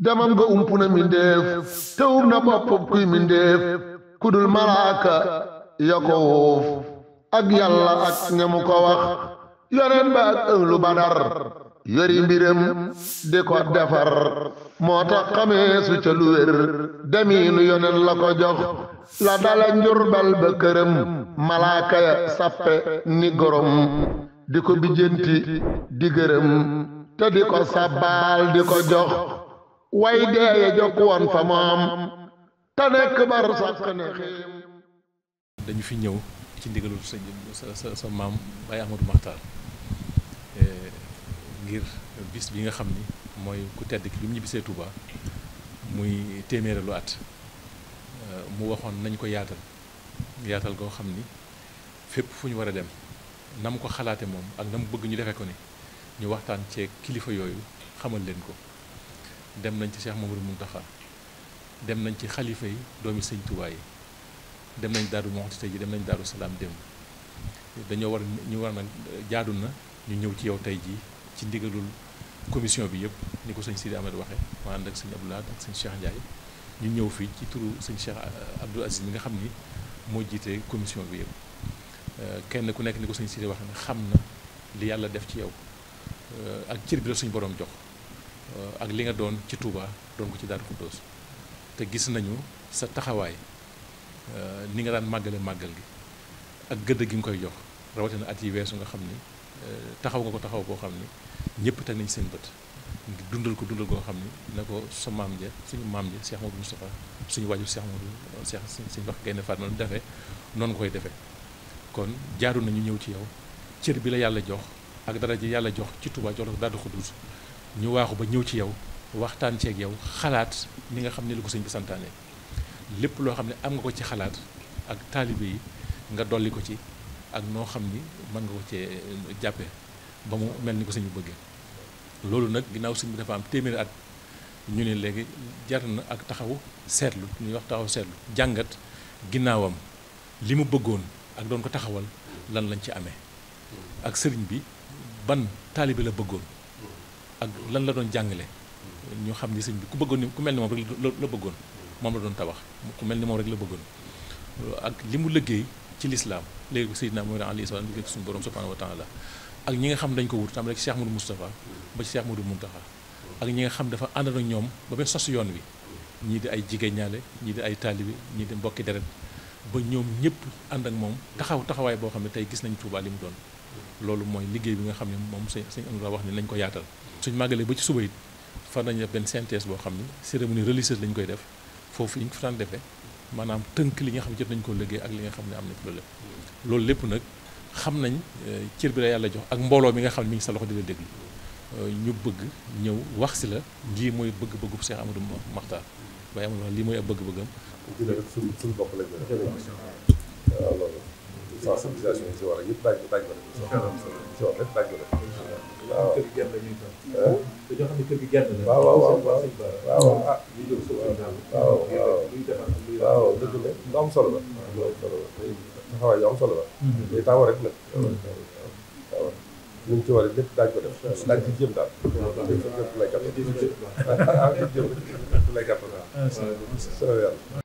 demam nga ump na mindéef te um na boppam kuy mindéef kudul malaaka ya ko wuuf ak yàlla ak ñamu ko wax yoneen ba ak ënglu badar yori mbiram di ko defar moo tax xamee su lu wér demiinu yoneen la ko jox la dala njurbal ba këram malaaka ya sappe ni gorom di ko bijjanti di gërëm te di ko sabbaal di ko jox way deeye jokk woon fa moom te nekk bar sàq ne xéem dañu fi ñëw ci ndigalul sa sa sa maam Baye Ahmadou Makhtar eh, ngir bis bi nga xam ni mooy ku tedd ki bi mu ñibbisee Touba muy téeméeralu at eh, mu waxoon nañ ko yaatal yaatal goo xam ni fépp fu ñu war a dem nam ko xalaate moom ak na bëgg ñu defee ko ni ñu waxtaan cee kilifa yooyu xamal leen ko dem nañ ci Cheikh Mamadou Mountakha dem nañ ci xalifa yi doomi sëñ Tuubaa yi dem nañ Daaru Muxti tey ji dem nañ Daaru Salaam démb dañoo war ñu war nag jaadu na ñu ñëw ci yow tey jii ci ndigalul commission bi yëpp ni ko sëñ Sidi Ahmed waxee ma ànd ak sëñ Abdoulaye ak sëñ Cheikh Ndiaye ñu ñëw fii ci turu sëñ Cheikh Abdoul Aziz mi nga xam ni moo jiite commission bi yëpp euh, kenn ku nekk ni ko sëñ Sidi waxee ne xam na li yàlla def ci yow euh, ak cër bi la suñ borom jox Euh, ak li nga doon ci Touba doon ko ci Darou Khoudoss te gis nañu sa taxawaay euh, ni nga daan màggale màggal gi ak gëdd gi nga koy jox rawatina at yi weesu nga xam ni euh, taxaw nga ko taxaw boo xam ni ñëpp teg nañ seen bët dundal ko dundal goo xam ni na ko sa maam ja suñu maam ja Cheikh Modou Moustapha suñu waajur Cheikh Modou Cheikh suñu wax Gaynde Fatma lu defee noonu koy defee kon jaaru nañu ñëw ci yow cër bi la yàlla jox ak dara ji yàlla jox ci Touba jox la Darou Khoudoss ñu waaxu ba ñëw ci yow waxtaan ceeg yow xalaat ni nga xam ne lu ko sëñ bi santaane lépp loo xam ne am nga ko ci xalaat ak taalibe yi nga dolli ko ci ak noo xam ni mën nga ko cee eh, jàppe ba mu mel ni ko sëñ bi bëggee loolu nag ginnaaw sëñ bi dafa am téeméeri at ñu ne léegi jar na ak taxaw seetlu ñuy wax taxaw seetlu jàngat ginnaawam li mu bëggoon ak doon ko taxawal lan lañ ci amee ak sëriñ bi ban taalibe la bëggoon ak lan la doon jàngale ñu xam ni sëñ bi ku bëggoon ni ku mel ni moom rek la bëggoon moom la doon tabax ku mel ni moom rek la bëggoon ak li mu liggéey ci lislaam léegi ko Seydina Muhammad alayhi salaam liggéey suñu borom subhanahu wa taala ak ñi nga xam dañ ko wut tam rek Cheikh Modou Moustapha ba ci Cheikh Modou Mountakha ak ñi nga xam dafa ànd na ñoom ba benn sos yoon wi ñii di ay jigéen ñaale ñii di ay taalibi ñii di mbokki deret ba ñoom ñëpp ànd ak moom taxaw taxawaay boo xam ne tey gis nañ Tuubaa li mu doon loolu mooy liggéey bi nga xam ne moom sëñ sëñ a wax ni nañ ko yaatal suñ màggalee ba ci suba it far nañ def benn synthèse boo xam ni cérémonie religieuse lañ koy def foofu yi ñu ko daan defee maanaam tënk li nga xam ne jot nañ koo liggéey ak li xam ne am na problème loolu lépp nag xam nañ euh, cër bi la yàlla jox ak mbooloo mi nga xam ne mi ngi sa loxo di la déglu euh, ñu bëgg ñëw wax si la lii mooy bëgg-bëggu Cheikh Amadou Makhtar waaye Amadou lii mooy ab bëgg-bëggam. suñu suñu bopp lañ waaw sensibilisation yi si war a yëpp daañu ko daañu ko def. si war lépp daañu ko def. waaw kër gi gerte la ñuy doon. dañoo xam ne kër gi gerte la. waaw waaw waaw waaw ah. ñu jëm suuf si daal. waaw waaw luy defar luy. waaw dëgg la lu am solo la. lu am solo la tey taxawaay yu am solo la. day taxaw rek nag. waaw li mu ci war a lépp daañu ko def. daañu ci jëm daal. lay gàttal. ah ah jëm lay gàttal daal.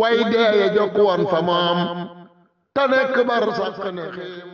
way deeye jokk woon fa moom te nekk bar sàq ne xiim